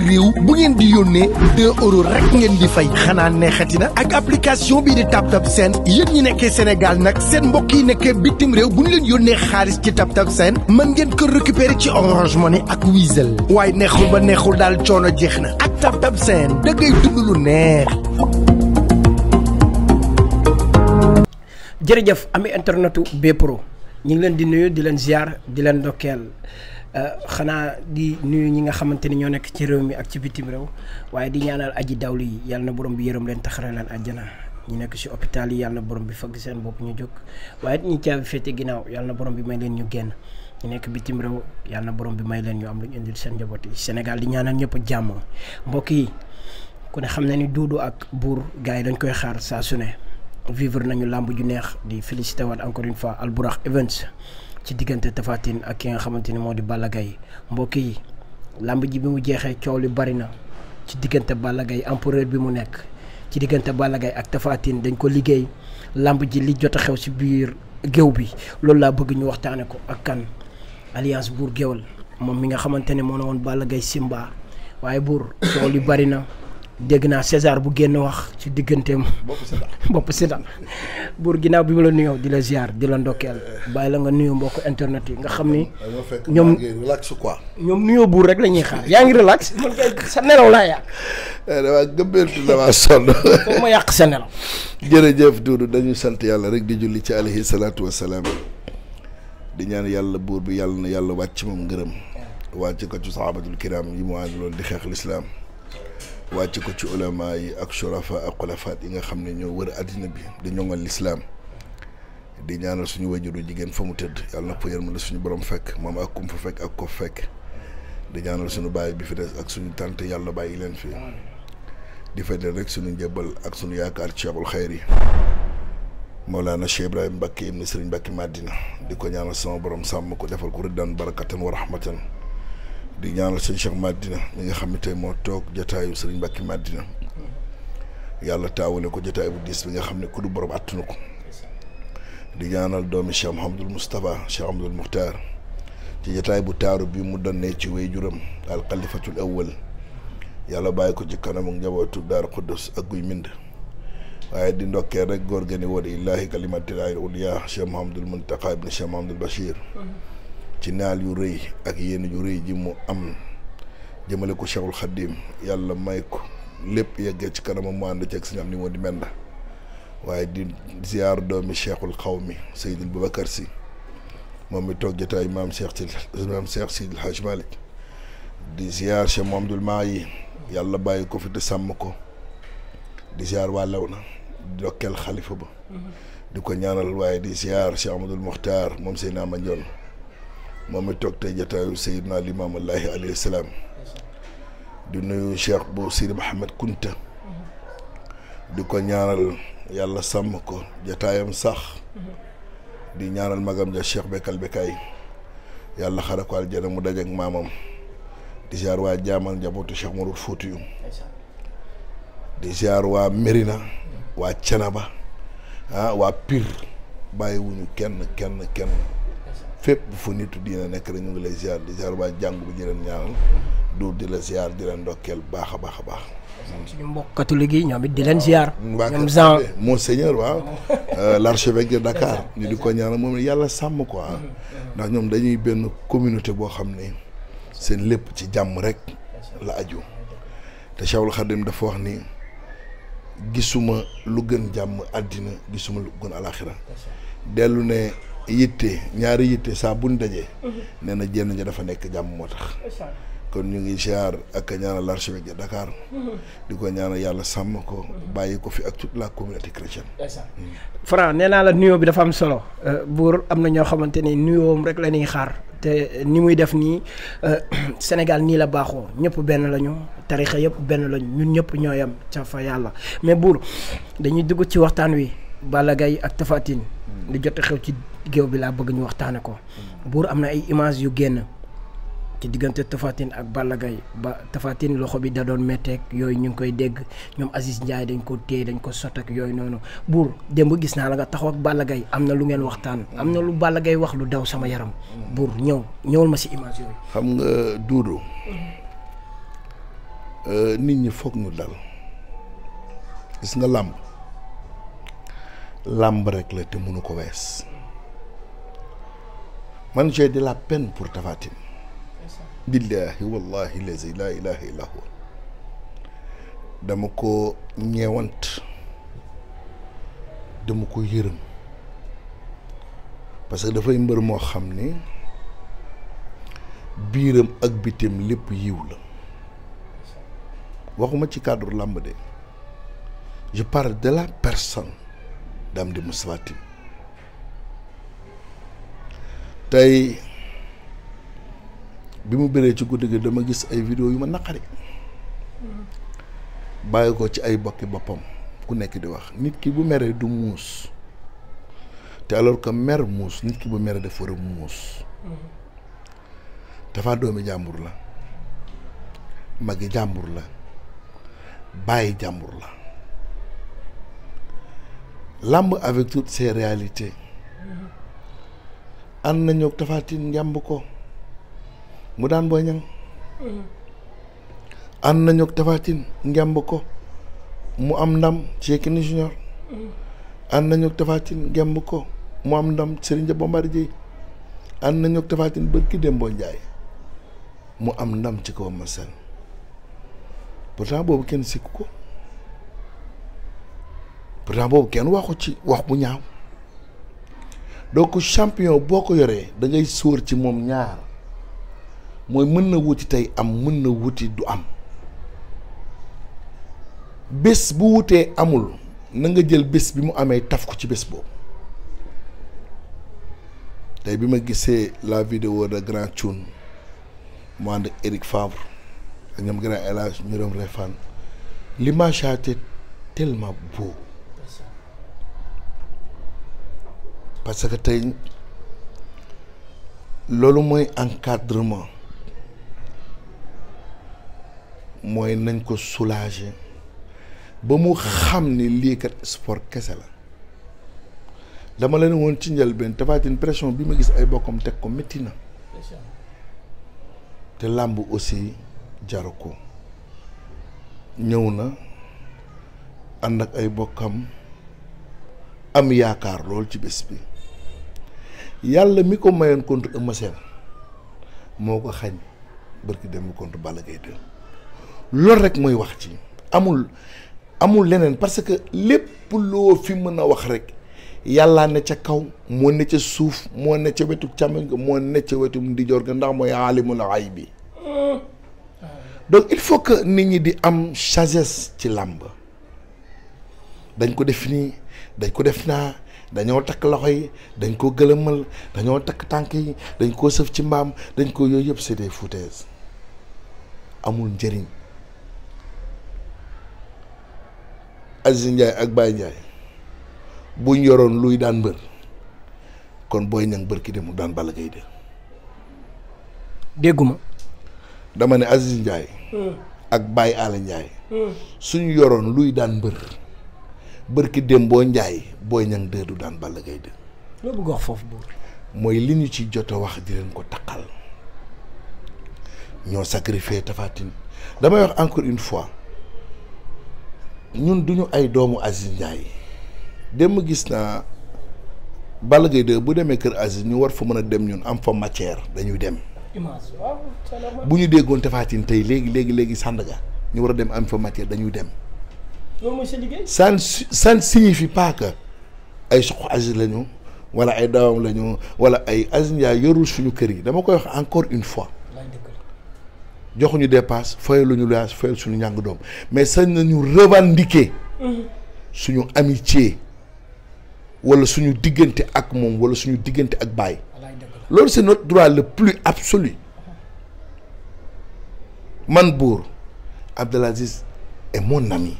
biir réew bu ngeen di yónnee 2 euros rek ngeen di fay xanaa neexati na ak application bii di TapTap Send yéen ñi nekkee Sénégal nag seen mbokk yi nekkee bitim réew bu ñu leen yónnee xaalis ci TapTap Send mën ngeen ko récupérer ci Orange ni ak Wizall waaye neexul ba neexul daal coono jeex na ak TapTap Send da ngay dund lu neex. ñu ngi leen di nuyu di leen ziar di leen ndokkeel euh, xanaa di nuyu ñi nga xamante ni ñoo nekk ci réew mi ak ci bitim réew waaye di ñaanal aji dawlu yi yàlla na borom bi yërëm leen taxare leen àjjana ñu nekk si hôpital yi yàlla na borom bi fagg seen bopp ñu jóg waaye it ñi caabi féete ginnaaw yàlla na borom bi may leen ñu génn ñu nekk bitim réew yàlla na borom bi may leen ñu am lu ñu indil seen njaboot yi Sénégal di ñaanal ñëpp jàmm mbokk yi ku ne xam na ni duudu ak buur gars yi dañ koy xaar saa su ne vivre nañu làmb ju neex di félicité waat encore une fois Albourakh Events ci diggante Tapha ak ki nga xamante ni moo di Balla Gaye mbokk yi làmb ji bi mu jeexee coow li bari na ci diggante Balla Gaye empereur bi mu nekk ci diggante Balla ak tafaatin dañ ko liggéey làmb ji li jot a xew si biir géew bi loolu laa bëgg ñu waxtaane ko ak kan alliance buur géwal moom mi nga xamante ne moo ne woon Balla Simba waaye buur coow li bari dégg naa César bu génn wax ci digganteem. bopp Sédar bopp Sédar buur ginnaaw bi ma la nuyoo di la ziar di la ndokkeel bàyyi la nga nuyoo mbokk internet yi nga xam ni. ñoom relax quoi. ñoom nuyoo buur rek la ñuy xaar yaa ngi relax man kay sa nelaw laa yàq. Eh, damaa gëmbeentu damaa sonn. foofu ma yàq sa nelaw. jërëjëf Doudou dañu sant yàlla rek di julli ci alayhi salaatu wa di ñaan yàlla buur bi yàlla na yàlla wàcc moom ngërëm. wàcc ko ci sahabatul kiram yi mu àndaloon di xeex lislaam wàcc ko ci ulama yi ak surafa ak xulafaat yi nga xam ne ñoo wër àddina bi di ñoŋal lislaam di ñaanal suñu wajuru jigéen fa mu tëdd yàlla na ko yërmande suñu borom fekk moom ak kum fa fekk ak ko fekk di ñaanal suñu baay bi fi des ak suñu tante yàlla bàyyi leen fii di fedel rek suñu njëbbal ak suñu yaakaar ci Cheikhul Xayr yi Mawlana Cheikh Ibrahima Mbacke ibn Serigne Mbacke Madina di ko ñaanal sama borom sàmm ko defal ko riddaan barakatan wa rahmatan di ñaanal sëñ Cheikh Madina mi nga xam ne tey moo toog jataayu sëriñ Mbacke Madina yàlla taawale ko jataay bu diis bi nga xam ne ku du borom attunu ko di ñaanal doomi Cheikh Mouhamadul Moustapha Cheikh Mouhamadul Mukhtar ci jataay bu taaru bi mu donnee ci wéy juram al xalifatul awwal yàlla bàyyi ko ci kanamu njabootu Daaru Xuddus ak guy mind waaye di ndokkee rek góor gëni woon illaahi kalimatil ulyaa Cheikh Mouhamadul Muntaqa ibn Cheikh Mouhamadul Bachir ci naal yu rëy ak yenn yu rëy ji mu am jëmale ko Cheikhul Khadim yàlla may ko lépp yeggee ci kanamam mu ànd ceeg suñu ni moo di menda waaye di ziar doomi xaw mi Seydil Babacar si moom mi toog jotaay maam Cheikh si maam Cheikh Sidil Hadj Malick di ziar Cheikh Mouhamadoul Mahi yàlla bàyyi ko fi te sàmm ko di ziar wàllew na di dokkeel xalifa ba mm-hmm. di ko ñaanal waaye di ziar Cheikh Amadou Mokhtar moom Seydina Mandione moom mi toog tey jataayu Seydina Limaamullaahi alayhi salaam di nuyu Cheikh bu Sidi Mouhamed Kunta di ko ñaanal yàlla sàmm ko jataayam sax di ñaanal magam ja Cheikh Bekkal Bekkaay yàlla xara ko aljana mu dajeek maamam di ziar waa jaamal njabootu Cheikh Marul Fouti di ziar waa Mérina waa Canaba ah waa Pire bàyyiwuñu kenn kenn kenn fépp fu nitu diina nekk rek ñu ngi lay ziar di ziar waa jàngu bi di leen ñaanal du di la ziar di leen ndokkeel baax a baax a baax. suñu mbokk catholique yi ñoom it di leen ziar. Mm, ñoom Jean monseigneur waaw. Euh, l'archevêque de Dakar. ñu di ko ñaar moom yàlla sàmm quoi. Ah. ndax ñoom dañuy benn communauté boo xam ne seen lépp ci jàmm rek la aju te Cheikhul Khadim dafa wax ni gisuma lu gën jàmm àddina gisuma lu gën alaxira dellu ne. yitte ñaari yitte saa buñ dajee mhm. nee na jenn ja dafa nekk jàmm moo tax kon ñu ngi ziar ak ñaanal l'archevêque de Dakar mhm. di ko ñaanal yàlla sàmm ko mhm. bàyyi ko fi ak toute la communauté chrétienne Franc nee naa la nuyoo bi dafa am solo euh, buur am na ñoo xamante ni nuyoom rek la ñuy xaar te ni muy def nii euh, Sénégal nii la baaxoo ñëpp benn lañu tarixa yëpp benn lañu ñun ñëpp ñoo yam ca fa yàlla mais buur dañuy dugg ci waxtaan wi Balla ak Tapha Tine jot xew ci géew bi laa bëgg ñu waxtaane ko buur am na ay image yu génn ci diggante Tafatine ak Balla ba Tafatine loxo bi da doon métteeg yooyu ñu ngi koy dégg ñoom Aziz Ndiaye dañ ko téye dañ ko sot yooyu noonu buur démb gis naa la nga taxaw ak Balla am na lu ngeen waxtaan. am na lu Balla Gaye wax lu daw sama yaram. buur ñëw ñëwal ma si image yooyu. xam nga Duudu euh, nit ñi foog ñu dal gis nga làmb làmb rek la te mënu ko wees. man j'ai de la peine pour Tapha Tine billahi wallahi lazi la ilaha illa dama ko ñeewant dama ko yërëm parce que dafay mbër moo xam ni biiram ak bitim lépp yiw la waxuma ci cadre làmb de je parle de la personne Dame di Moustapha tey bi mu bëree ci guddi gi dama gis ay vidéo yu ma naqari bàyyi ko ci ay bokki boppam ku nekk di wax nit ki bu meree du muus te alors que mer muus nit ki bu meree dafa war muus dafa doomi jàmbur la magi jàmbur la bàyyi jàmbur la làmb avec toutes ses réalités ànd nañu Tapha Tine njàmb ko mu daan Boy Niang mm-hmm. ànd nañu Tapha Tine njàmb ko mu am ndam ci Yékini Junior mm-hmm. ànd nañu Tapha Tine njàmb ko mu am ndam Serigne Dia Bombardier ànd nañu Tapha Tine bërki Dembo Ndiaye mu am ndam ci kaw ma seen pourtant boobu kenn sikku ko pourtant boobu kenn waxu ci wax bu ñaaw donc champion boo ko yoree da ngay ci moom ñaar mooy mën na wuti tey am mën na wuti du am bés bu wutee amul na nga jël bés bi mu amee taf ko ci bés boobu tey bi ma gisee la vidéo de Grand Thioune mu de ak Eric Favre ak ñoom Grand Elage ñoom Refane l'image était tellement beau parce que tey loolu mooy encadrement mooy nañ ko soulager ba mu xam ni lii kat sport kese la dama leen woon ci njëlbeen tafaatin pression bi ma gis ay bokkam teg ko métti na te làmb aussi jaru ko ñëw na ànd ak ay bokkam am yaakaar loolu ci bés bi yàlla mi ko mayoon contre Eumeu Sène moo ko xañ bërki dem contre Balla Gaye 2 rek mooy wax ci amul amul leneen parce que lépp loo fi mën a wax rek yàlla ne ca kaw moo ne ca suuf moo ne ca wetu càmmoñ ga moo ne ca wetu ndijoor ga ndax mooy aalimul xayb bi donc il faut que nit ñi di am sagesse ci làmb dañ ko def nii dañ ko def naa dañoo takk loxo yi dañ ko gëlëmal dañoo takk tànk yi dañ koo sëf ci mbaam dañ ko yooyu yëpp c'est des foutaises amul njëriñ Aziz Ndiaye ak Baye Ndiaye buñ yoroon luy daan mbër kon booy ñang bër ki mu daan Balla Gaye de dégguma dama ne Aziz hmm. ak Baye Alla Ndiaye hmm. suñu yoroon luy daan mbër bërki dem boo njaay booy ñan dë du daan Balla Gaye dë loo bëgg wax foofu buur mooy li ñu ci jot wax di leen ko taqal ñoo sacrifié tafatin damay wax encore une fois ñun du duñu ay doomu Aziz Ndiaye dem gis naa Balla Gaye bu demee kër Aziz ñu war fa mën a dem ñun am fa matière dañuy dem bu ñu déggoon tafatin tey léegi léegi léegi Sandaga ñu war a dem am fa matière dañuy dem loolu sa liggéey. ça ne ça signifie pas ay suq Aziz lañu wala ay doomam lañu wala ay Aziz Ndiaye yorul suñu kër yi dama koy wax encore une fois. joxuñu dépasse fayal lu ñu luyaas fayal suñu njàng doom mais sañ nañu revendiquer. Mhm. suñu amitié wala suñu diggante ak moom wala suñu diggante ak baay. loolu c'est notre droit le plus absolu. man Bour Abdelaziz est mon ami.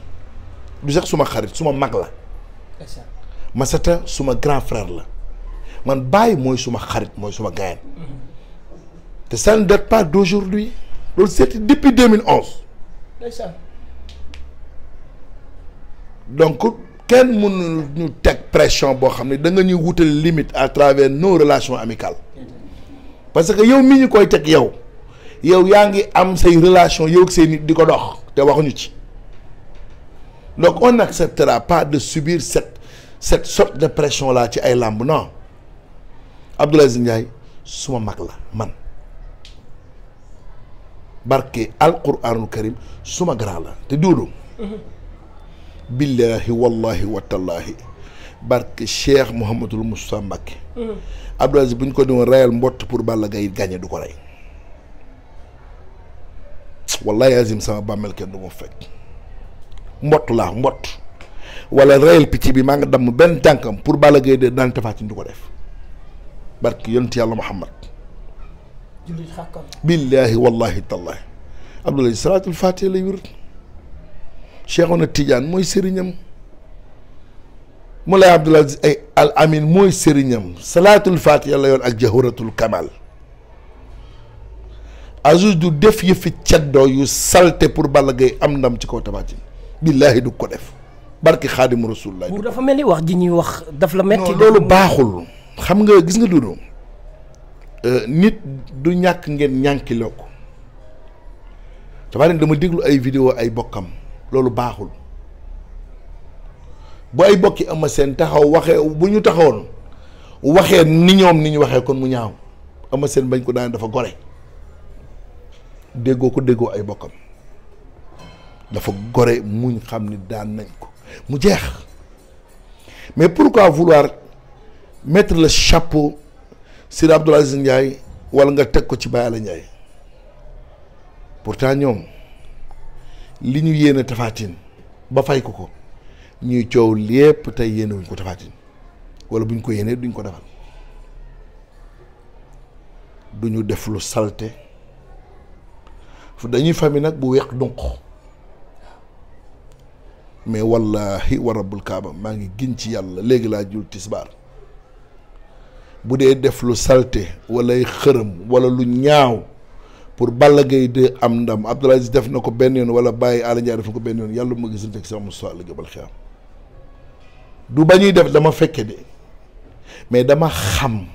du sax suma xarit suma mag la. Masata suma grand frère la man bàyyi mooy suma xarit mooy suma gaayan mm-hmm. te ça ne date pas d'aujourd'hui loolu c'était depuis 2011. ndeysaan. donc kenn mënul ñu teg pression boo xam ne da nga ñuy wutal limite à travers nos relation amicales mm-hmm. parce que yow mi ñu koy teg yow yow yaa ngi am say relation yow ak say nit di ko dox te waxuñu ci. donc on n'acceptera pas de subir cette cette sorte de pression là ci ay làmb non Abdoul Aziz Ndiaye suma mag la man barke alquranul karim suma grand la te duudu mm-hmm. billahi wallahi watallahi barke Cheikh Mouhamadul Moustapha Mbacké mm-hmm. Aziz bu ñu ko doon reyal mbott pour Balla Gaye gagné du ko rey wallahi azim sama bàmmeel kenn du ko fekk mbott laa mbott wala reyal picc bi maa nga damm benn tànkam pour Balla Gaye de daan Tapha du ko def barki yonent yàlla Muhammad billaahi wallahi tallaahi Abdoulaye salaatul faatiha lay wér Cheikhouna Tidiane mooy sëriñam Moulay al amin mooy sëriñam salaatul faatiha la yoon ak jawharatul kamal Aziz du def yëfi ceddoo yu salte pour Balla am ndam ci kaw Tapha billaahi du ko def barki xaadimu rasulullah buur dafa mel ni wax ji ñuy wax daf la metti loolu baaxul xam nga gis nga dudu euh, nit du ñàkk ngeen ñànkiloo ko dafa dama déglu ay vidéo ay bokkam loolu baaxul bu ay bokki ama seen taxaw waxee bu ñu taxawoon waxee ni ñoom ni ñu waxee kon mu ñaaw ama seen bañ ko daan dafa gore déggoo ko déggoo ay bokkam dafa gore muñ xam ni daan nañ ko mu jeex mais pourquoi vouloir mettre la chapeau sur Abdoul Aziz Ndiaye wala nga teg ko ci Baye Alla Ndiaye pourtant ñoom li ñu yéene tafaatin ba fay ko ko ñuy coow lépp tey yéene wuñ ko tafaatin wala buñ ko yéenee duñ ko defal duñu def lu salte dañuy fami nag bu weex dunq mais wallahi wa rabbul kaaba maa ngi gin ci yàlla léegi laa jul tisbaar bu dee def lu salte walay xërëm wala lu ñaaw pour Balla Gaye de am ndam Abdoul Aziz def na ko benn yoon wala bàyyi Alla Ndiaye def na ko benn yoon yàlla ma gisante ak sama Moussa la jëbal xiyam du ba ñuy def dama fekke de mais dama xam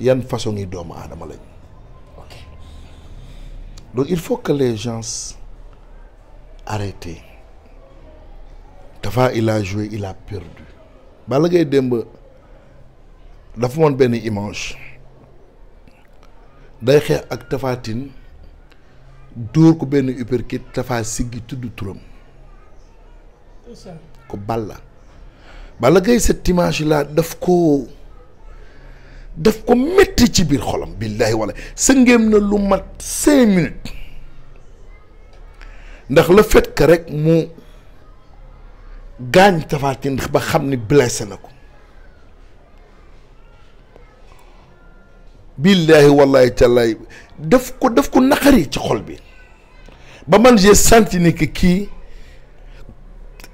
yan façon yi doomu aadama lañ donc il faut que les gens arrêtent Tafa il a joué perdu Balla Gaye démb dafa moon benn image day xeex ak Tapha Tine dóor ko benn uppercut Tafa siggi tudd turam ko Balla Balla Gaye cette image là daf ko daf ko métti ci biir xolam billaahi wala sëngeem na lu mat cinq minutes ndax le fait que rek mu gaañ Tapha Tine ba xam ni blessé na ko billaahi wallaahi tallaahi daf ko daf ko naqari ci xol bi ba man ge senti ni kii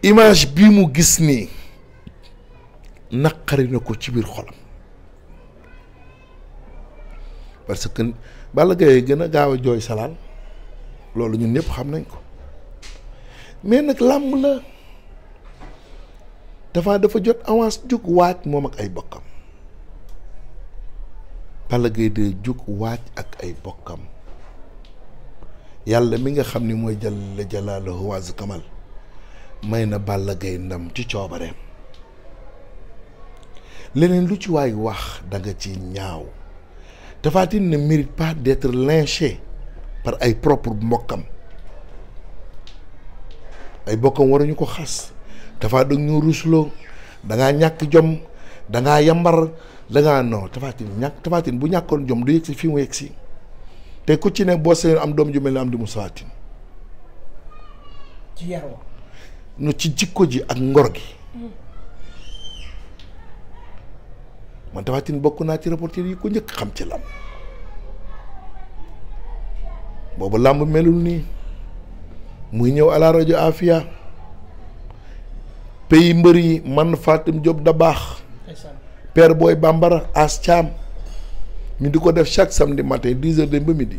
image bi mu gis nii naqari na ko ci biir xolam parce que Balla Gaye gën a gaaw a jooy salaan loolu ñun ñëpp xam nañ ko mais nag làmb la Tapha dafa jot avance jug waaj moom ak ay bokkam Balla Gaye de jug waaj ak ay bokkam yàlla mi nga xam ni mooy jalla jalaaluhu wa kamal may na Balla Gaye ndam ci coobareem leneen lu ci waay wax da ci ñaaw Tapha Tine ne mérite pas d'être lynché par ay propre mbokkam ay bokkam waruñu ko xas Tapha da ñu rusloo da ñàkk jom da ngaa yambar da ngaa non ñàkk Tapha bu ñàkkoon jom du yegg fi mu yegg si te ku ci ne boo seen am doom ju mel ne am di Moustapha Tine ci yaroo no ci jikko ji ak ngor gi. man Tapha bokk naa ci reporter yi ko njëkk xam ci làmb boobu làmb melul nii muy ñëw à la rajo Afia. pays mbër yi man Fatim Diop da baax père booy bambara as caam ñu di ko def chaque samedi matin dix heures dem ba midi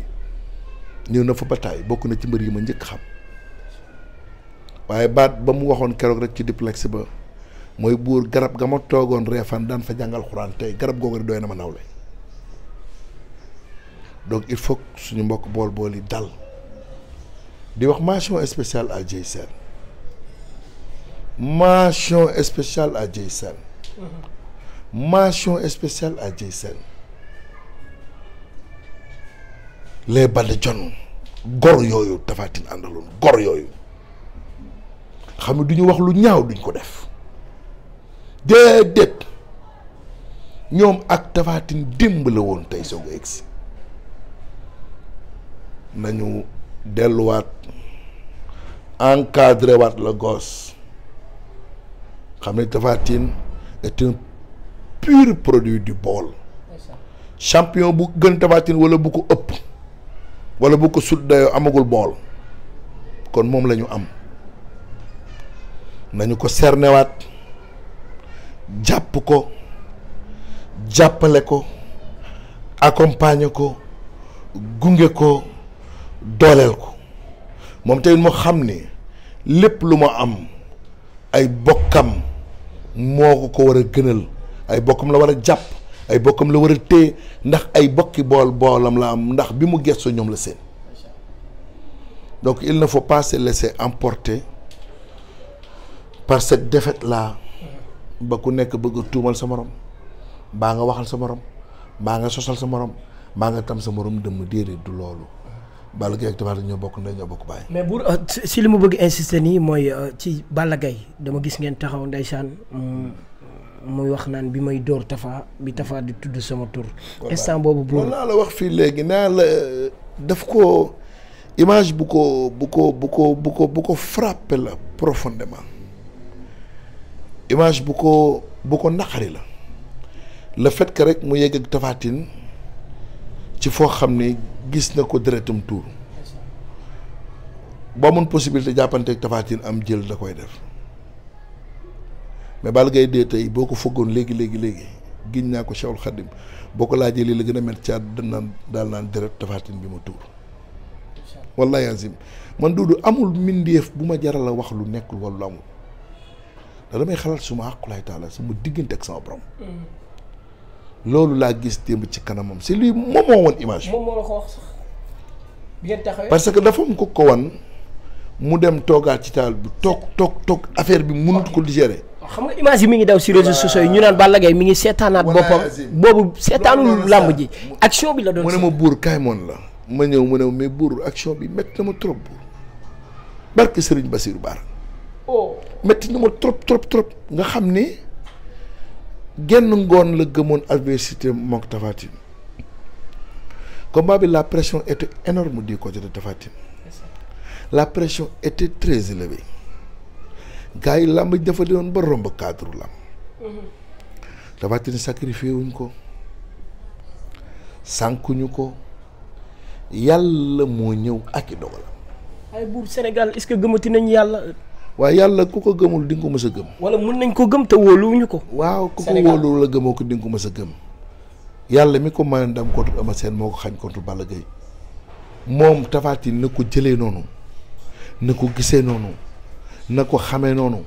ñëw na fa bataay bokk na ci mbër yi ma njëkk xam waaye baat ba mu waxoon keroog rek ci duplex ba mooy buur garab ga ma toogoon reefan daan fa jàngal xuraan tey garab googu rek doy na ma nawle donc il faut suñu mbokk bool bool yi dal di wax mention spéciale à Diey mention spéciale à Dieye Sène mention spéciale à Dieye Sène les gor yooyu Tapha àndaloon gor yooyu xam ne du ñu wax lu ñaaw duñ ko def déedéet ñoom ak Tapha Tine démb la woon tey soog a egsi nañu delluwaat encadré la gos xam ne Tapha Tine est pur produit du Baol champion bu gën Tapha Tine wala bu ko ëpp wala bu ko sut amagul bool kon moom la ñu am nañu ko cernewaat jàpp ko jàppale ko accompagner ko gunge ko dooleel ko moom tamit moo xam ni lépp lu ma am ay bokkam moo ko ko war a gënal ay bokkam la war a jàpp ay bokkam la war a téye ndax ay bokki bool boolam la am ndax bi mu gëstu ñoom la seen donc il ne faut pas se laisser emporter par cette defet là ba ku nekk bëgg tuumal sa morom baa nga waxal sa morom baa nga sosal sa morom maa nga tam sa morom dëmm déedéet du loolu Balla Gaye ak Tapha ñoo bokk ndey ñoo bokk baay. mais bu euh, si li mu bëgg insister nii mooy euh, ci Balla dama gis ngeen taxaw ndeysaan wax naan bi may dóor Tapha bi Tapha di tudd sama tur. boobu bu. naa wax fii léegi naa la euh, ko image bu ko bu ko bu ko bu ko bu ko la profondément image bu ko bu ko naqari la le fait que rek mu yegg ak Tapha ci foo xam ne gis na ko deretam tuur boo mën possibilité jàppante Tapha Tine am jël da koy def mais Balla Gaye dee tey boo ko fëggoon léegi léegi léegi giñ naa ko Cheikhul Khadim boo ko laajee lii la gën a met caat danaan daal naan deret Tapha bi ma tuur wallahi azim man duudu amul mbindeef bu ma jaral a wax lu nekkul wala lu amul da damay xalaat suma àqulaay taala sama diggante ak sama borom mm. loolu laa gis démb ci kanamam si lui moom moo woon image moo la ko parce que dafa am ko ko wan mu dem toogaat ci taal bi toog toog toog affaire bi mënut ko digérer. xam nga image yi mi ngi daw si réseaux sociaux yi ñu naan Balla Gaye mi ngi seetaanaat boppam boobu seetaanul làmb ji action bi la doon mu ne ma buur kaay moon la ma ñëw mu ne mais buur action bi métti na ma trop buur barke Serigne Bassirou Bara oh. métti na ma trop trop nga xam ni genn ngoon la gëmoon adversité mook Tapha Tine combat bi la pression était énorme du côté de Tapha la pression était très élevée gars yi làmb dafa doon ba romb cadre làmb Tapha Tine sacrifié ko sànkuñu ko yàlla moo ñëw ak i dogalam ay buur Sénégal est que gëmati nañ yàlla waaye yàlla ku ko gëmul di nga ko mës gëm. wala mun nañ ko gëm te wóoluwuñu ko. waaw ku ko wóolu la gëmoo ko di nga ko mës gëm. yàlla mi ko mayoon ndam contre Eumeu Sène moo ko xañ contre Balla Gaye moom Tapha Tine na ko jëlee noonu na ko gisee noonu na ko xamee noonu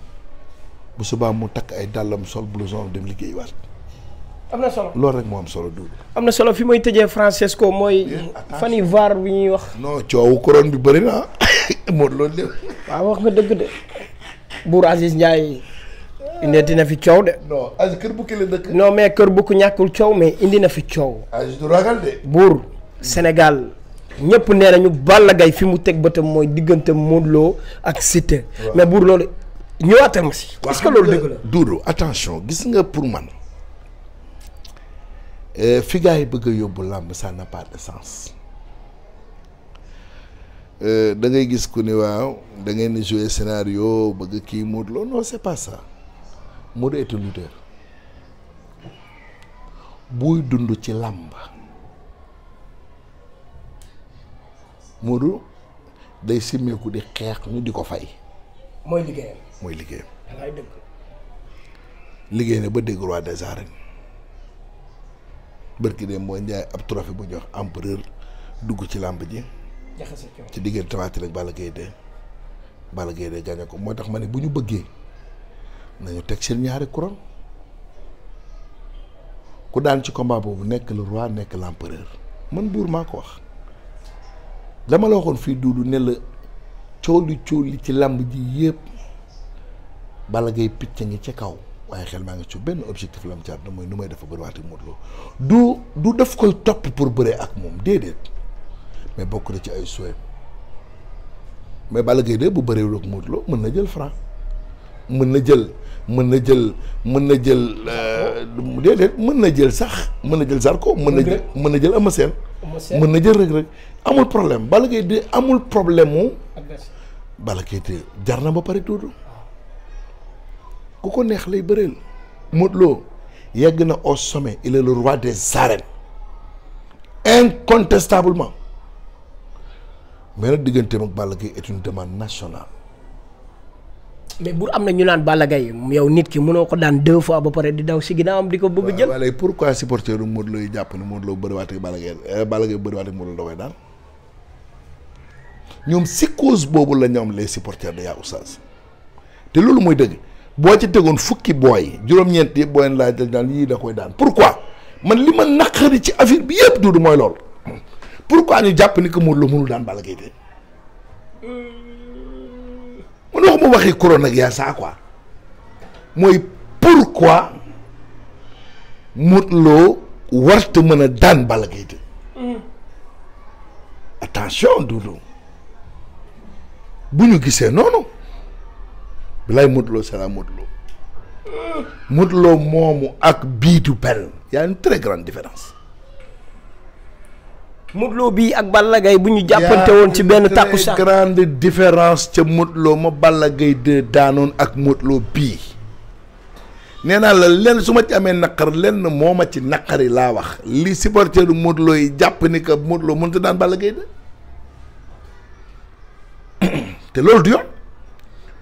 bu subaa mu takk ay dàllam sol blouson dem liggéeyuwaat. am na solo loolu rek moo solo du am na solo fi may tëjee Francesco mooy. fan yi vaar bi ñuy wax. no coowu couronne bi bëri na moo loolu lépp. waaw wax nga dëgg de. buur Aziz Ndiaye dina fi coow de. non kër bukki la dëkk. non mais kër bukki ñàkkul coow mais indi na fi coow. Aziz du buur Sénégal ñëpp nee nañu Balla gay fi mu teg bëtam mooy diggante Modou Lo ak Siteu. mais buur loolu ñëwaatal que loolu dëgg la attention gis nga pour man euh, fi gars yi bëgg a yóbbu làmb ça n'a sens. Euh, da ngay gis ku ni waaw da ngeen di jouer bëgg kii Modou Lo non c'est pas ça Modou est un lutteur buy dund ci làmb Modou day simmeeku di xeex ñu di ko fay. mooy liggéeyam mooy liggéeyam. liggéey na ba dégg roi des arènes bërki dem moo njaay ab trophée bu jox empereur dugg ci làmb ji. jaxase coow ci diggante Tapha Tine ak Balla Gaye 2 Balla Gaye ko moo tax ma ne bu ñu bëggee nañu teg seen ñaari couronne ku daan ci combat boobu nekk le roi nekk l'empereur man buur maa ko wax dama la waxoon fii duudu ne la coow li ci làmb ji yëpp Balla Gaye picc ngi ci kaw waaye xel maa ngi ci benn objectif lam ci àdduna mooy nu may dafa bëriwaat ak Modou Lo du du daf koy topp pour bëree ak moom déedéet mais bokk na ci ay souhait mais Balla de bu bëreewul ak Modou mën na jël Franc mën na jël mën na jël mën na jël euh, mën na jël sax mën na jël Zarko mën na jël mën na jël Eumeu Sène mën na jël Reug Reug amul problème Balla Gaye de amul problème mu Balla Gaye de jar na ba pare tuutu ku ko neex lay bëreel Modou yegg na au sommet il est le roi des arènes mais nag digganteem ak Balla Gaye est une demande nationale. mais bu am na ñu naan Balla Gaye yow nit ki mënoo ko daan deux fois ba pare di daw si ginnaawam di ko bëgg jël. waaw waaye pourquoi supporter u Modou Lo yi jàpp ne Modou Lo bëriwaat ak Balla Gaye eh, Balla Gaye bëriwaat ak Modou Lo da koy daan ñoom si cause boobu la ñoom les supporters de Yaa Oustaz te loolu mooy dëgg boo ci tegoon fukki booy juróom-ñeent yëpp booy laaj dañ daan yii da koy daan pourquoi man li ma naqari ci affaire bi yëpp duudu mooy loolu. pourquoi ñu jàpp ni que Modou Lo mënul daan Balla Gaye de man waxuma waxi couronne ak yaa saa quoi mooy pourquoi Modou Lo warta mën a daan Balla Gaye de attention bu ñu gisee noonu bilaay Modou Lo c'est la Modou moomu ak bii du benn y une très grande différence motloo bii ak Balla Gaye bu ñu jàppante woon ci benn takku sax grande différence ca Modou ma Balla Gaye de daanoon ak motloo bii nee naa la lenn su ma ci amee naqar lenn moo ma ci naqari laa wax li supporteru Modou jàpp ni que motloo Lo mënut a daan Balla Gaye de te loolu du yoon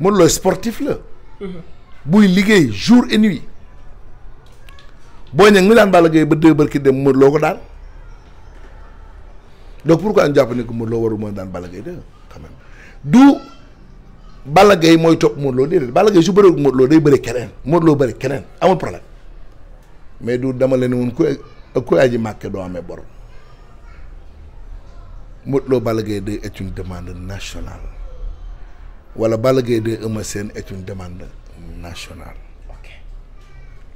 Modou sportif la mm-hmm. buy liggéey jour et nuit boo ñëwee mu daan Balla Gaye ba deux bërki dem Modou ko daan donc pourquoi ñu jàpp ne que Modou warul mën a daan Balla Gaye 2 quand même du Balla Gaye mooy topp Modou Lo déedéet Balla su bëree Modou day bëri keneen Modou bëri keneen amul problème mais du dama leen woon ku ku aji màkke doo amee bor Modou Lo Balla Gaye demande nationale wala Balla Gaye 2 Eumeu Sène demande nationale.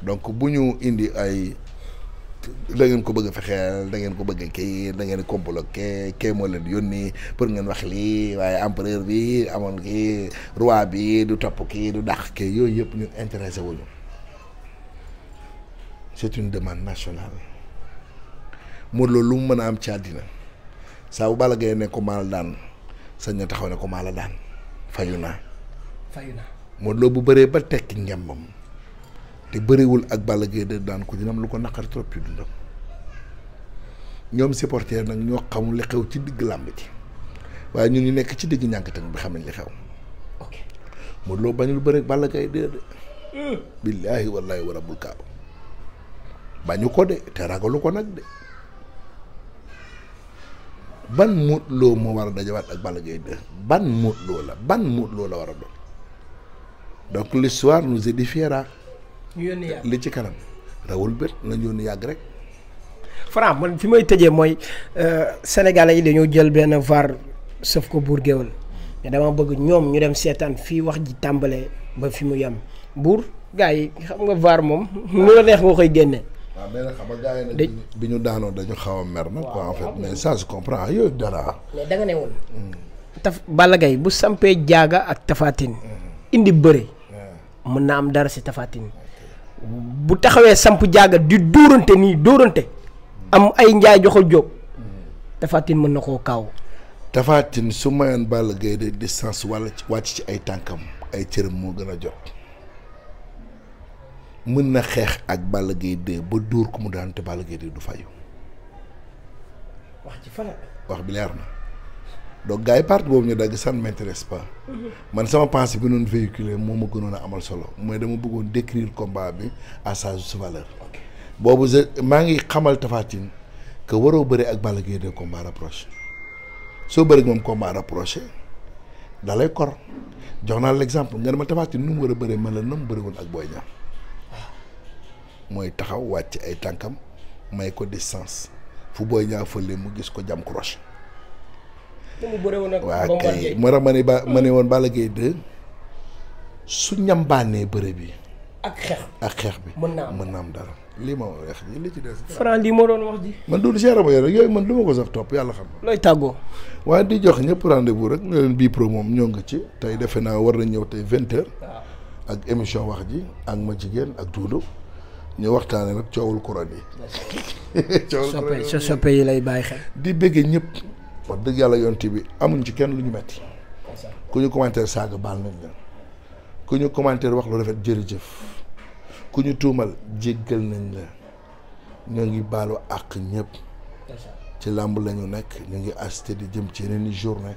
donc bu ñu indi ay. da ko bëgg a fexeel da ngeen ko bëgg ki kii da ngeen complot kee kee moo leen yónni pour ngeen wax lii waaye empereur bi amoon kii roi bi du topp kii du dàq kii yooyu yëpp ñun intéressé wuñu c'est une demande national Modou Lo lu mu mën a am ci àddina saa bala Balla Gaye ne ko maa daan sañ nga taxaw ne ko maala la daan fayu naa fayu naa bu bëree ba tekki njambam te bëriwul ak Balla Gaye de daan ko dina am lu ko naqari trop ci dundam ñoom supporter nag ñoo xamul li xew ci digg làmb ji waaye ñu ñu nekk ci digg ñànkatan bi xam nañ li xew Modou Lo bañul bëri ak Balla Gaye de de euh. billaahi wallaahi wa rabbul kaaba bañu ko de te ragalu ko nag de ban Modou Lo moo war a dajawaat ak Balla Gaye de ban Modou Lo la ban Modou la war a doon donc l'histoire nous édifiera ñu yónni yàgg li ci kanam rawul bët nañ yónni yàgg rek. Franc fi may tëjee mooy euh, sénégalais yi dañoo jël benn var sëf ko buur géwël te dama bëgg ñoom ñu dem seetaan fii wax ji tàmbalee ba fi mu yem buur gars yi xam nga var moom nu la neex nga koy génne. waaw mais nag xam nga daanoo dañu xaw a mer nag quoi en fait mais ça se comprend ah, yooyu dara. Hmm. taf Balla Gaye bu sampee jaaga ak tafaatin hmm. indi bëri. Hmm. mën na am dara si tafaatin bu taxawee samp jaaga di dóorante nii dóorante am ay njaay jox a mën na koo kaw Tapha su mayoon Balla Gaye de distance wala wàcc ci ay tànkam ay cëram moo gën a jot mën na xeex ak Balla Gaye de ba dóor ko mu daan te Balla de du fayu. wax ci wax bi leer na. donc gars yi partie boobu ñu dagg ça ne m'intéresse man sama pensée bi noonu véhiculé moo ma gënoon a amal solo mooy dama bëggoon décrire combat bi à sage juste valeur boobu maa ngi xamal Tapha Tine que waroo bëre ak Balla Gaye de combat soo bëre ak moom combat rapproché da lay kor jox naa l' exemple nga ne ma Tapha Tine nu mu war a bëree man la na mu bëri woon ak Boy Niang mooy taxaw wàcc ay tànkam may ko distance fu Boy Niang fële mu gis ko jam croche waaw kay moo tax ma ne ba ma ne woon Balla Gaye 2 su ñambaanee bëre bi. ak xeex ak bi. mën naa am mën naa am dara lii ma wax li ci des. Franc lii moo doon wax ji. man du si yaram yore yooyu man du ma ko sax topp yàlla xam nga. looy tàggoo. waaye di jox ñëpp rendez-vous rek ne leen bii pro moom ñoo nga ci tey defe naa war na ñëw tey vingt ak émission wax ji ak ma jigéen ak Doudou ñu waxtaanee nag coowul couronne yi. yi soppe soppe yi lay bàyyi xel. di bëgg ñëpp. wax dëgg yàlla yonti bi amuñ ci kenn lu ñu metti ku ñu commentaire saaga baal nañ leen ku ñu commentaire wax lu rafet jërëjëf ku ñu tuumal jéggal nañ la ñoo ngi baalu àq ñëpp ci làmb lañu ñu nekk ñu ngi assisté di jëm ci yeneen i journée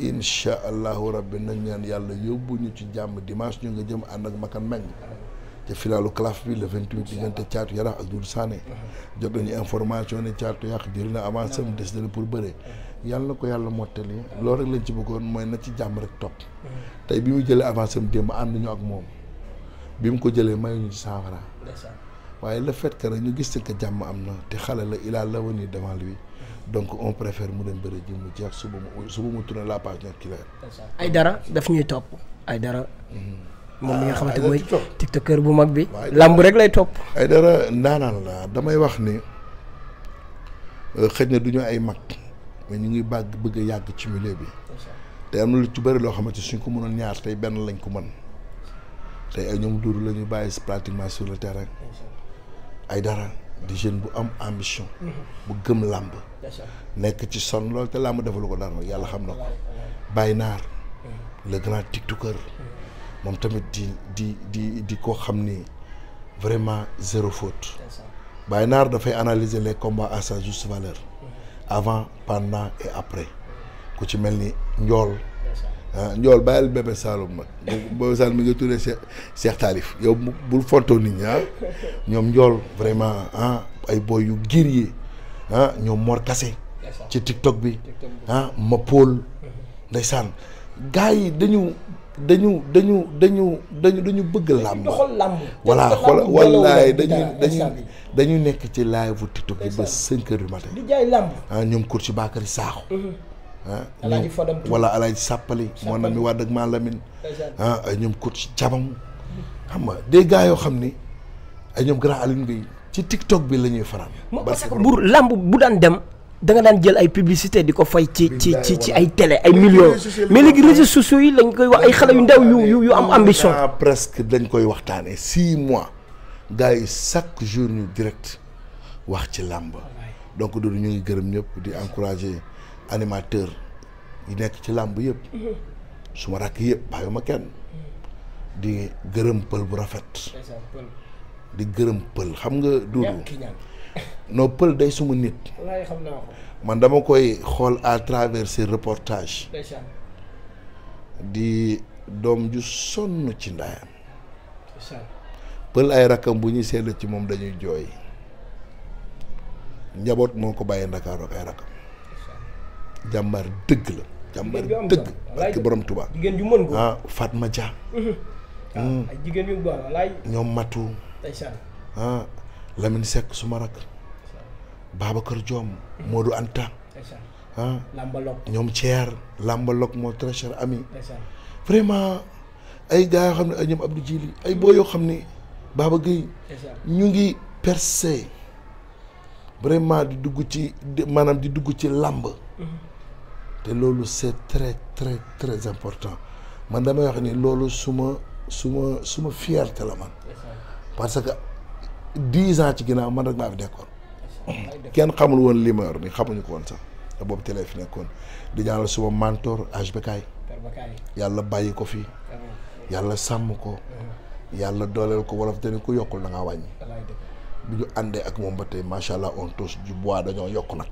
incha allahu rabbi nañ ñaan yàlla yóbbu ñu ci jàmm dimanche ñu nga jëm ànd ak makan meññ te filaalu CLAF bi le 28 diggante Thiatou Yarakh ak Doudou Sané jot nañu information ne Thiatou Yarakh jël na avance am des na pour bëre yàlla na ko yàlla mottali loolu rek lañ ci bëggoon mooy na ci jàmm rek topp tey bi mu jëlee avance am démb ànd ñu ak moom bi mu ko jëlee mayuñu ci saafara waaye la fait que nag ñu gis ne que jàmm am na te xale la il a l'avenir devant lui donc on préfère mu dem bëri ji mu jeex suba mu suba mu tourner la page nekk ci ay dara daf ñuy ay dara. Mm-hmm. moom mi nga ah, xamante mooy kër bu mag bi làmb rek lay topp ay dara naanaan la damay wax ni euh, xëj na duñu ñu ay mag ma ñu ngi bàgg bëgg yàgg ci milieu bi te am lu ci bëri loo xamante suñ ko mënoon ñaar tey benn lañ ko mën tey ay ñoom duuru la ñu bàyyi pratiquement sur le terrain ay dara di jeune bu am ambition bu gëm làmb nekk ci son loolu te làmb defalu ko dara yàlla xam na ko Baye Naar le grand kër moom tamit di di di di ko xam ni vraiment zéro faute. Baye Naar dafay analyser les combats à sa juste valeur. Mm-hmm. avant pendant et après. ku ci mel ni Njool. ah Njool bàyyil bébé Saloum nag bébé Saloum mi mu ngi Cheikh Cheikh Taalif yow bul fontoo nit ñi ah. ñoom Njool vraiment ah ay boy yu guerrier ah ñoom Mor kase ci TikTok bi. ah ma Paul. Mm-hmm. ndeysaan gars yi dañu. dañu dañu dañu dañu dañu bëgg làmb voilà xool wallaay dañuy dañuy dañu nekk ci live TikTok bi ba cinq heures du matin di jaay làmb ah ñoom kur ci Bakary Sakho mm-hmm. ah ñoom wala Alaaji Sàppali moo na mi wàdd ak Malamine ah ñoom kur ci jabam xam nga des gars yoo xam ni ay ñoom grand Aline Gueye ci TikTok bi lañuy ñuy faral parce que bu làmb bu daan dem da nga daan jël ay publicité di ko fay ci ci ci ci ay télé ay millions mais léegi réseaux sociaux yi lañ koy wax ay xale yu ndaw yu yu am ambition presque dañ koy waxtaane six mois gars yi chaque jour ñu direct wax ci làmb donc du ñu ngi gërëm ñëpp di encourager animateur yi nekk ci làmb yëpp su ma rakk yëpp bàyyuma kenn di gërëm pël bu rafet di gërëm pël xam nga Doudou non pël day suma nit. man dama koy xool à travers ces reportages. di doom ju sonn ci ndaayam. pël ay rakkam bu ñuy seetlu ci moom dañuy jooy. njaboot moo ko bàyyi Ndakaaru ak ay rakkam. jàmbaar dëgg la. jàmbaar dëgg parce borom Tuubaa. jigéen ju mën ah, uhuh. mm. ah, ñoom Matu. Lamine Seck suma rak Babacar Diom Modou Anta ah ñoom Thier Lambalok moo très cher ami vraiment ay gars yoo xam ne ay ñoom Abdou Djili ay boo yoo xam ne Baba Gueye ñu ngi percé vraiment di dugg ci maanaam di dugg ci làmb mhm. te loolu c'est très très très important man damay wax ni loolu suma suma suma fierté la man parce que dix ans ci ginnaaw man rek maa fi nekkoon kenn xamul woon li ma yor xamuñu ko woon sax te boobu télé fi nekkoon di ñaanal suma mentor HBK yàlla bàyyi ko fii yàlla sàmm ko yàlla dooleel ko wolof dañu ku yokkul na ngaa wàññi bi ñu àndee ak moom ba tey macha allah on touche du bois dañoo yokk nag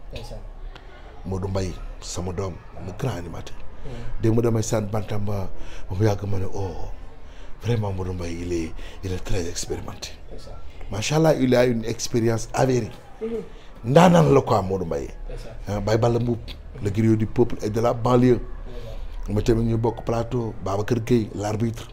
Modou mbay sama doom le grand animateur mm. dégg ma damay sant bantamba ba mu yàgg ma ne oh vraiment Modou Mbaye il est il est très macha allah il a une expérience avérée. ndaanaan la quoi Modou Mbaye. ah Baye Balla Mboup le griot du peuple et de la banlieue. ma tamit ñu bokk plateau Babacar kër l' arbitre.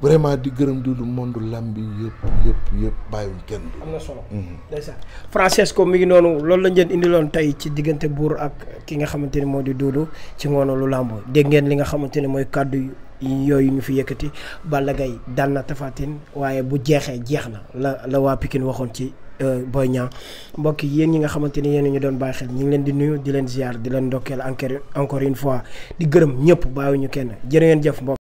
vraiment di gërëm di lu monde lambi yëpp yëpp yëpp bàyyiwuñ kenn. am na solo. Mhm. ndeysaan Francesco mi ngi noonu loolu la ngeen indiloon tey ci diggante buur ak ki nga xamante ni moo di Doudou ci ngoonu lu làmb dégg ngeen li nga xamante ni mooy kàddu yu. yooyu ñu fi yëkkati Balla Gaye daan na Tapha waaye bu jeexee jeex na la la waa Pikine waxoon ci euh, Boy Niang mbokk yi yéen ñi nga xamante ni yéen ñu doon bàyyi xel ñu ngi leen di nuyu di leen ziar di leen ndokkeel encore encore une fois di gërëm ñëpp ñu kenn jërë ngeen jëf mbokk